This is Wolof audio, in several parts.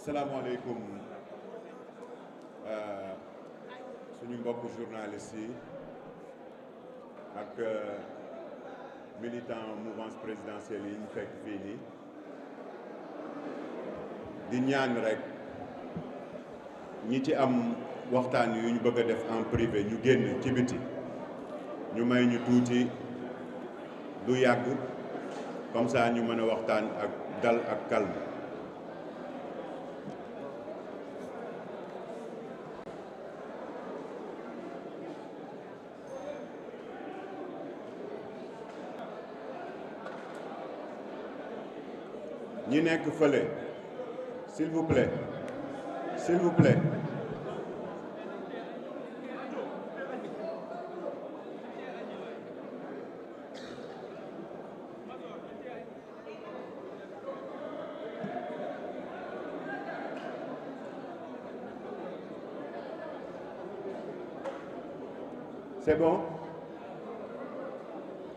salaamaaleykum euh, suñu mbokk journaliste yi ak euh, militant mouvance présidentielle yi ñu fekk di en privé ñu ci biti ñu may ñu tuuti comme ça nous avons fait dal ak calme s'il vous plaît s'il vous plaît C'est bon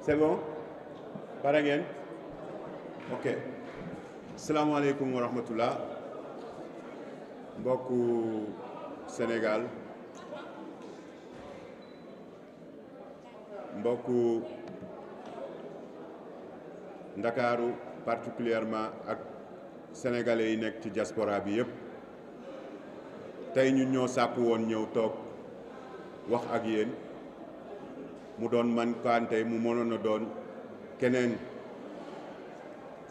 C'est bon Paragène? OK salaamaaleykum wa rahmatullah mbokku Sénégal mbokku Ndakaaru particulièrement ak sénégalais yi nekk ci diaspora bi yépp tey ñu ñoo sàpp woon ñëw toog wax ak yéen mu doon man kaantey mu mënoon a doon keneen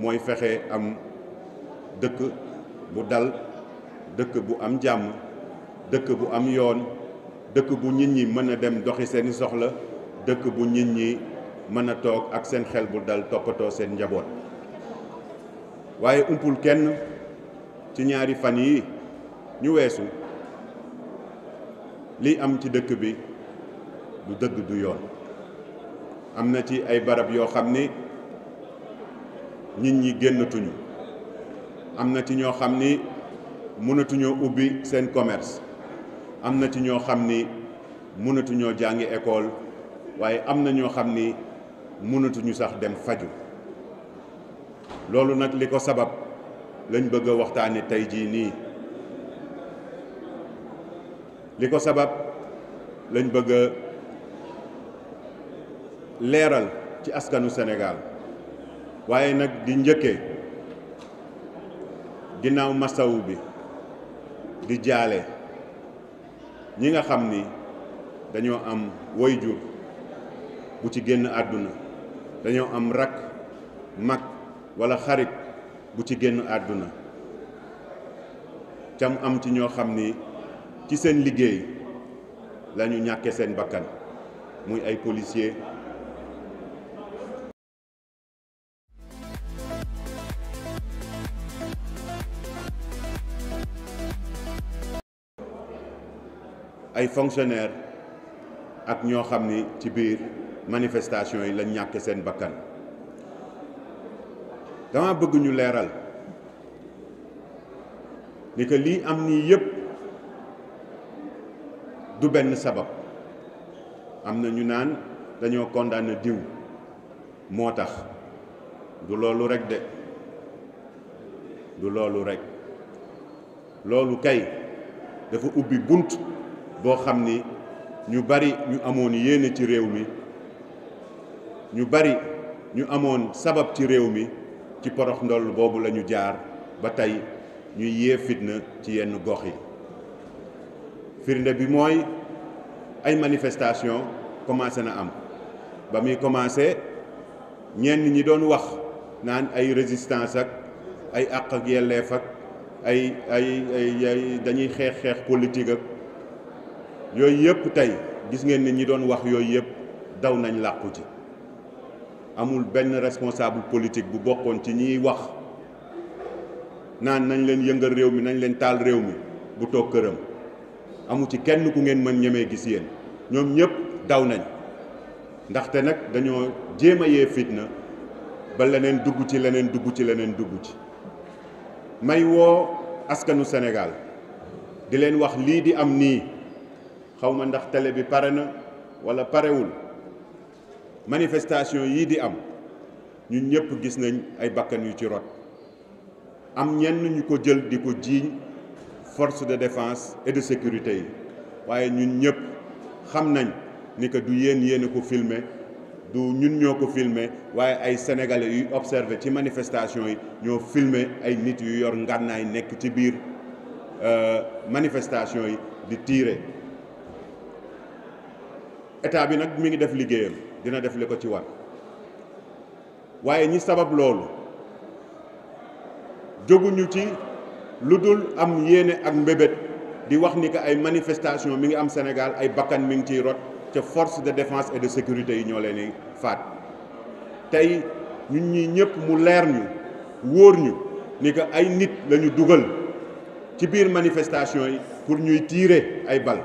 mooy fexe am dëkk bu dal dëkk bu am jàmm dëkk bu am yoon dëkk bu nit ñi mën a dem doxi seeni soxla dëkk bu nit ñi mën a toog ak seen xel bu dal toppatoo seen njaboot waaye umpul kenn ci ñaari fan yi ñu weesu li am ci dëkk bi du dëgg du yoon am na ci ay barab yoo xam ni nit ñi génnatuñu am na ci ñoo xam ni mënatuñoo ubbi seen commerce am na ci ñoo xam ni mënatuñoo jàngi école waaye am na ñoo xam ni mënatuñu sax dem faju loolu nag li ko sabab lañ bëgg a waxtaane tey jii nii li ko sabab lañ bëgg a leeral ci askanu senegaal waaye nag di njëkke ginnaaw masawu bi di jaale ñi nga xam ni dañoo am woy jur bu ci génn àdduna dañoo am rakk mag walla xarit bu ci génn àdduna cam am ci ñoo xam ni ci seen liggéey lañu ñàkke seen bakkan muy ay policier ay fonctionnaires ak ñoo xam ni ci biir manifestation yi la ñàkk seen bakkan dama bëgg ñu leeral ni que lii am nii yépp du benn sabab am na ñu naan dañoo condamné diw moo tax du loolu rek de du loolu rek loolu kay dafa ubbi bunt nous xam ni ñu bari ñu amoon yéene ci réew ñu bari ñu faire sabab choses. nous nous ci la jaar ba fitna ci yenn gox yi firnde manifestation commencé na am ba résistance ak ay politique yooyu yëpp tey gis ngeen ni ñi doon wax yooyu yëpp daw nañ làqu ci amul benn responsable politique bu bokkoon ci ñiy wax naan nañ leen yëngal réew mi nañ leen taal réew mi bu toog këram amu ci kenn ku ngeen mën ñeme gis yéen ñoom ñëpp daw nañ ndaxte nag dañoo jéem a yee fitna ba leneen dugg ci leneen dugg ci leneen dugg ci may woo askanu Sénégal di leen wax lii di am nii xaw ndax télé bi pare na wala wul manifestation yi di am ñun ñëpp gis nañ ay bakkan yu ci rot am ñenn ñu ko jël diko jiñ force de défense et de sécurité yi waye ñun ñëpp xam nañ ni que du yeen yeen ko filmer du ñun ñoko ko filmer waaye ay sénégalais yu observé ci manifestation yi ñoo filmer ay nit yu yor ngànnaay nek ci biir euh, manifestation yi di tirer. état bi nag mi ngi def liggéeyam dina def li ko ci war waaye ñi sabab loolu jóguñu ci lu dul am yéene ak mbébét di wax ni que ay manifestation mi ngi am Sénégal ay bakkan mi ngi ciy rot ca force de défense et de sécurité yi ñoo leen di faat tey ñun ñi ñëpp mu leer ñu wóor ñu ni que ay nit lañu dugal ci biir manifestation yi pour ñuy tiire ay bal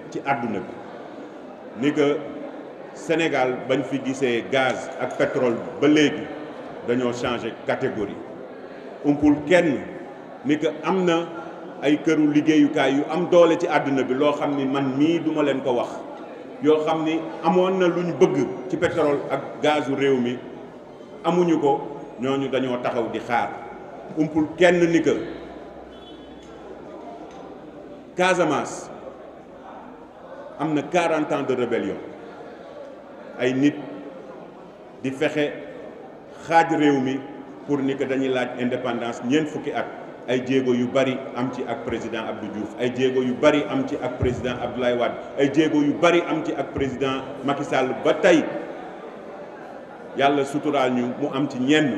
ci ni Sénégal bagn fi gaz ak pétrole ba léegi changé catégorie umpul kenn ni que amna ay liggéeyukaay yu am doole ci aduna bi lo man mi duma len ko wax ni na pétrole ak gazu réew amuñu ko ñooñu taxaw di xaar kenn ni am 40 ans de rébellion ay nit di fexé xaaj réwmi pour ni que dañuy laaj indépendance ñen fukki at ay djégo yu bari am ci ak président Abdou Diouf ay djégo yu bari am ci ak président Abdoulaye Wade ay djégo yu bari am ci ak président Macky Sall ba tey yàlla suturaal ñu mu am ci ñenn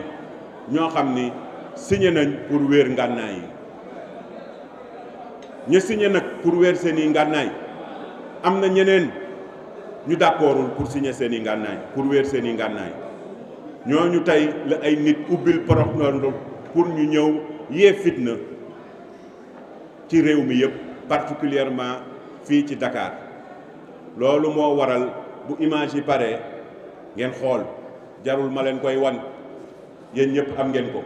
ño xamni ni signé nañ pour wër ngànnaay yi ñu signé nag pour wër seeni ngànnaay amna ñeneen ñu d'accordul pour signer seen i ngànnaay pour wéer seen i ngànnaay ñooñu tey la ay nit ubbil porox pour ñu ñëw yee fitna ci réew mi yëpp particulièrement fii ci Dakar loolu moo waral bu image yi paree ngeen xool jarul ma leen koy wan yéen ñëpp am ngeen ko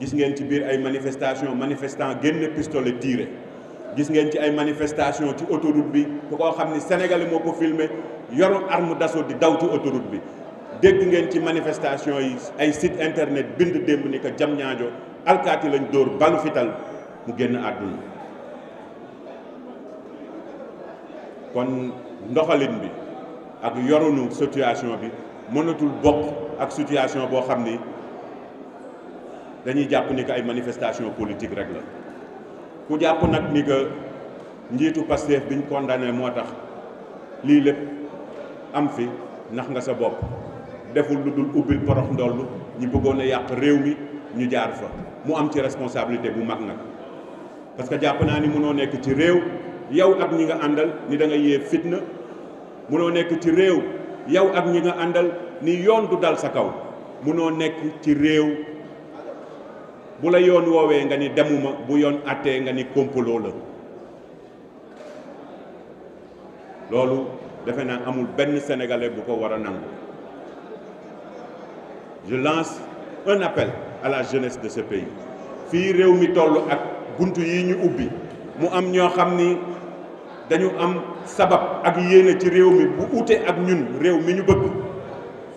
gis ngeen ci biir ay manifestation manifestant génn pistolet tiré gis ngeen ci ay manifestation ci autoroute bi ko koo xam sénégalais moko ko filmé yoru arme d'assaut di daw ci autoroute bi dégg ngeen ci manifestation yi ay site internet bind démb ni ko jam ñaajo alkaati lañ door balu fital mu génn àdduna kon ndoxalin bi ak yorunu situation bi mënatul bokk ak situation boo xam ni dañuy jàpp ni ko ay manifestation politique rek la ku jàpp nag ni que njiitu Pastef biñ condamné moo tax lii lépp am fi nax nga sa bopp deful lu dul ubbil porox ndoll ñi bëggoon a yàq réew mi ñu jaar fa mu am ci responsabilité bu mag nag parce que jàpp naa ni mënoo nekk ci réew yow ak ñi nga àndal ni danga nga yee fitna mënoo nekk ci réew yow ak ñi nga àndal ni yoon du dal sa kaw mënoo nekk ci réew bula la wowe ngani nga ni demuma bu yon àttee ngani ni complot la loolu defe naa amul ben sénégalais bu ko war je lance un appel à la jeunesse de ce pays fi réew mi toll ak bunt yi ñu ubbi mu am ño xamni dañu am sabab ak yéene ci réew mi bu outé ak ñun réew mi ñu bëgg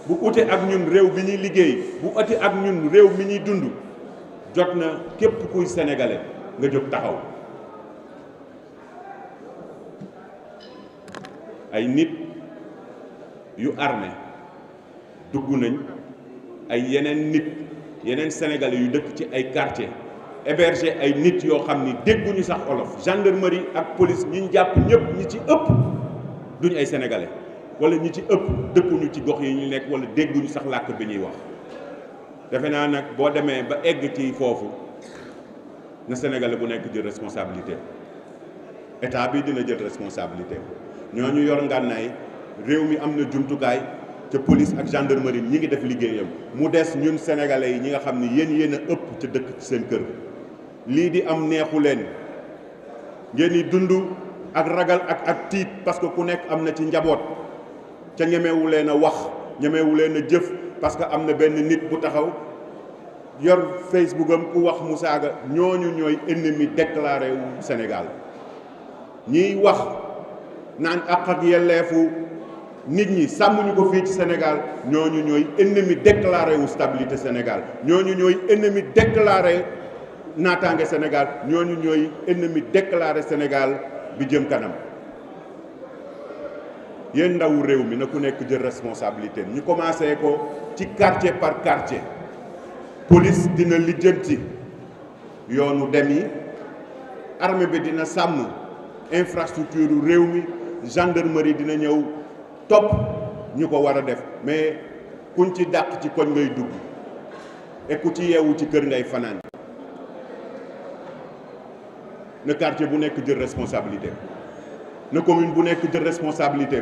bu outé ak ñun rew bi ñi liggéey bu outé ak ñun rew mi ñi dundu jot na képp kuy sénégalais nga jóg taxaw ay nit yu armé dugg nañ ay yeneen nit yeneen sénégalais yu dëkk ci ay quartier hébergé ay nit yoo xam ni dégguñu sax olof gendarmerie ak police ñi ñu jàpp ñëpp ñi ci ëpp duñ ay sénégalais wala ñi ci ëpp dëkkuñu ci gox yi ñu nekk wala dégguñu sax làkk bi ñuy wax defe naa nag boo demee ba egg ci foofu na Sénégalais bu nekk jël responsabilité état bi dina jël ñoo ñu yor ngànnaay réew mi am na jumtukaay te police ak gendarmerie ñi ngi def liggéeyam mu des ñun sénégalais yi ñi nga xam ne yéen yéen a ëpp ca dëkk ci seen kër lii di am neexu leen ngeen di dund ak ragal ak ak tiit parce que ku nekk am na ci njaboot ca ñemewu leen a wax ñemewu leen a jëf parce que am na benn nit bu taxaw yor Facebook am ku wax mu saaga ñooñu ñooy ennemi déclaré wu Sénégal ñiy wax naan àq ak yelleefu nit ñi sàmmuñu ko fii ci Sénégal ñooñu ñooy ennemi déclaré wu stabilité Sénégal ñooñu ñooy ennemi déclaré naataange Sénégal ñooñu ñooy ennemi déclaré Sénégal bi jëm kanam. yéen ndaw réew mi na ku nek jël responsabilité ñu commencé ko ci quartier par quartier police dina lijjanti yoonu demi armée bi dina sam infrastructure réew mi gendarmerie dina ñew top, ñuko wara def mais kuñ ci dàq ci koñ ngay dugg et ku ci yeewu ci kër ngay fanaan na quartier bu nek jël responsabilité La commune bu nek jël responsabilité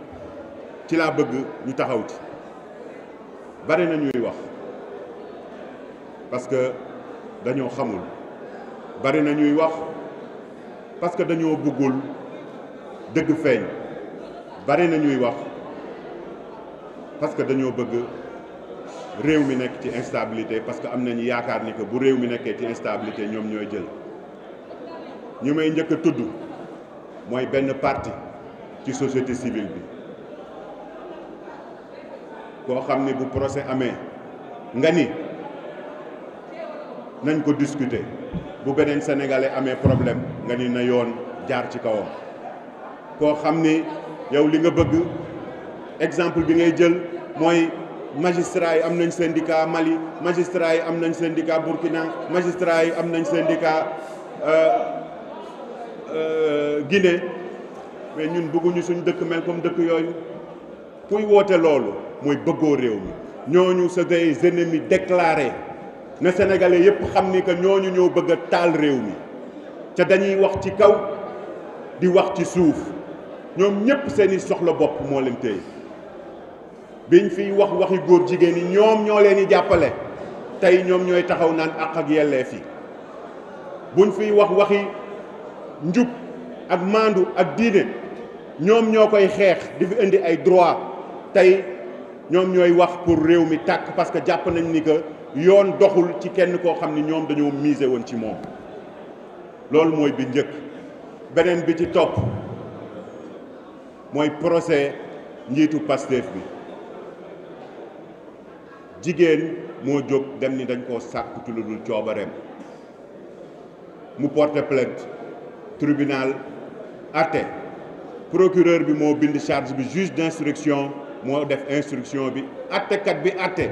ci bari parce que dañoo xamul bari na wax parce que dañoo bëggul dëgg bari na parce que dañoo bëgg réew mi nekk instabilité parce que am nañu que bu réew mi nekkee ci instabilité ñoom jël parti société civile koo xam ni bu procès amee nga ni nañ ko discuter bu beneen sénégalais amee problème nga ni na yoon jaar ci kawam koo xam ni yow li nga bëgg exemple bi ngay jël Magistrat, magistrats yi am nañ syndicat Mali Magistrat, yi am nañ syndicat Burkina Magistrat, yi am nañ syndicat euh, euh, Guinée mais ñun bëgguñu suñ dëkk mel comme dëkk yooyu kuy woote loolu mooy bëggoo réew mi ñooñu c'est des ennemis déclarés na sénégalais yépp xam ni que ñooñu ñoo bëgg a taal réew mi ca dañuy wax ci kaw di wax ci suuf ñoom ñépp seeni soxla bopp moo leen téye biñ fiy wax waxi góor jigéen yi ñoom ñoo leen di jàppale tey ñoom ñooy taxaw naan àq ak yelleef yi buñ fiy wax waxi njub ak maandu ak diine ñoom ñoo koy xeex di fi indi ay droit tey ñom ñoy wax pour parce que japp nañ ni que yoon doxul ci kenn ko xamni ni miser won ci mom lool moy bi bi ci procès bi dem ni dañ ko sakku ci lu mu porte plainte tribunal Le procureur bi mobile bind charge bi juge d'instruction moo def instruction bi attekat bi